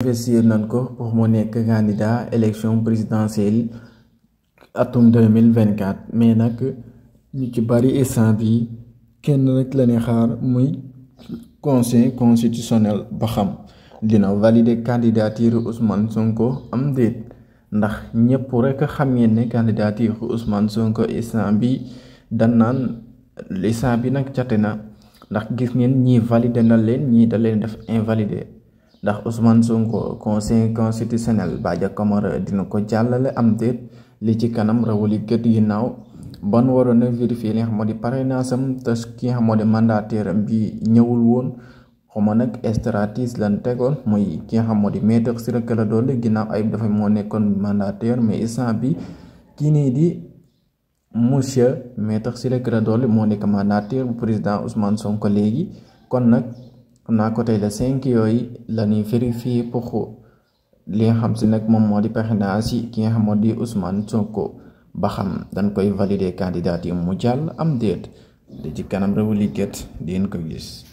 investir nañ ko pour mu nekk candidat élection présidentielle atum 2024 mais nag ñu ci bari instant bi kenn rek la ñuy xaar muy conseil constitutionnel ba xam dina valider candidature Ousmane Sonko am déet ndax ñépp rek xam ngeen ne candidature Ousmane Sonko instant bi dan naan instant bi nag cate na ndax gis ngeen ñi valider na leen ñii da leen def invalider ndax Ousmane Sonko conseil constitutionnel Badia Camara dina ko jàllale am déet li ci kanam rawali gët ginnaaw ban waroon a vérifier li nga xam di parrainage am te ki nga xam di mandataire am bi ñëwul woon xuma nag stratégie lan tegoon mooy ki nga xam di Maître Ciré Clédor Ly ginnaaw ayib dafa moo nekkoon mandataire mais instant bi kii nii di mais Maître Ciré Clédor Ly moo nekk mandataire bu président Ousmane Sonko léegi kon nag xam naa côté la cinq yooyu la ñuy vérifier pour li nga xam si nag moom moo di parrainage yi ki nga xam moo di Ousmane Sonko ba xam dañ koy valider candidat yi mu jàll am déet da ci kanam réewu liggéey di ngeen ko gis.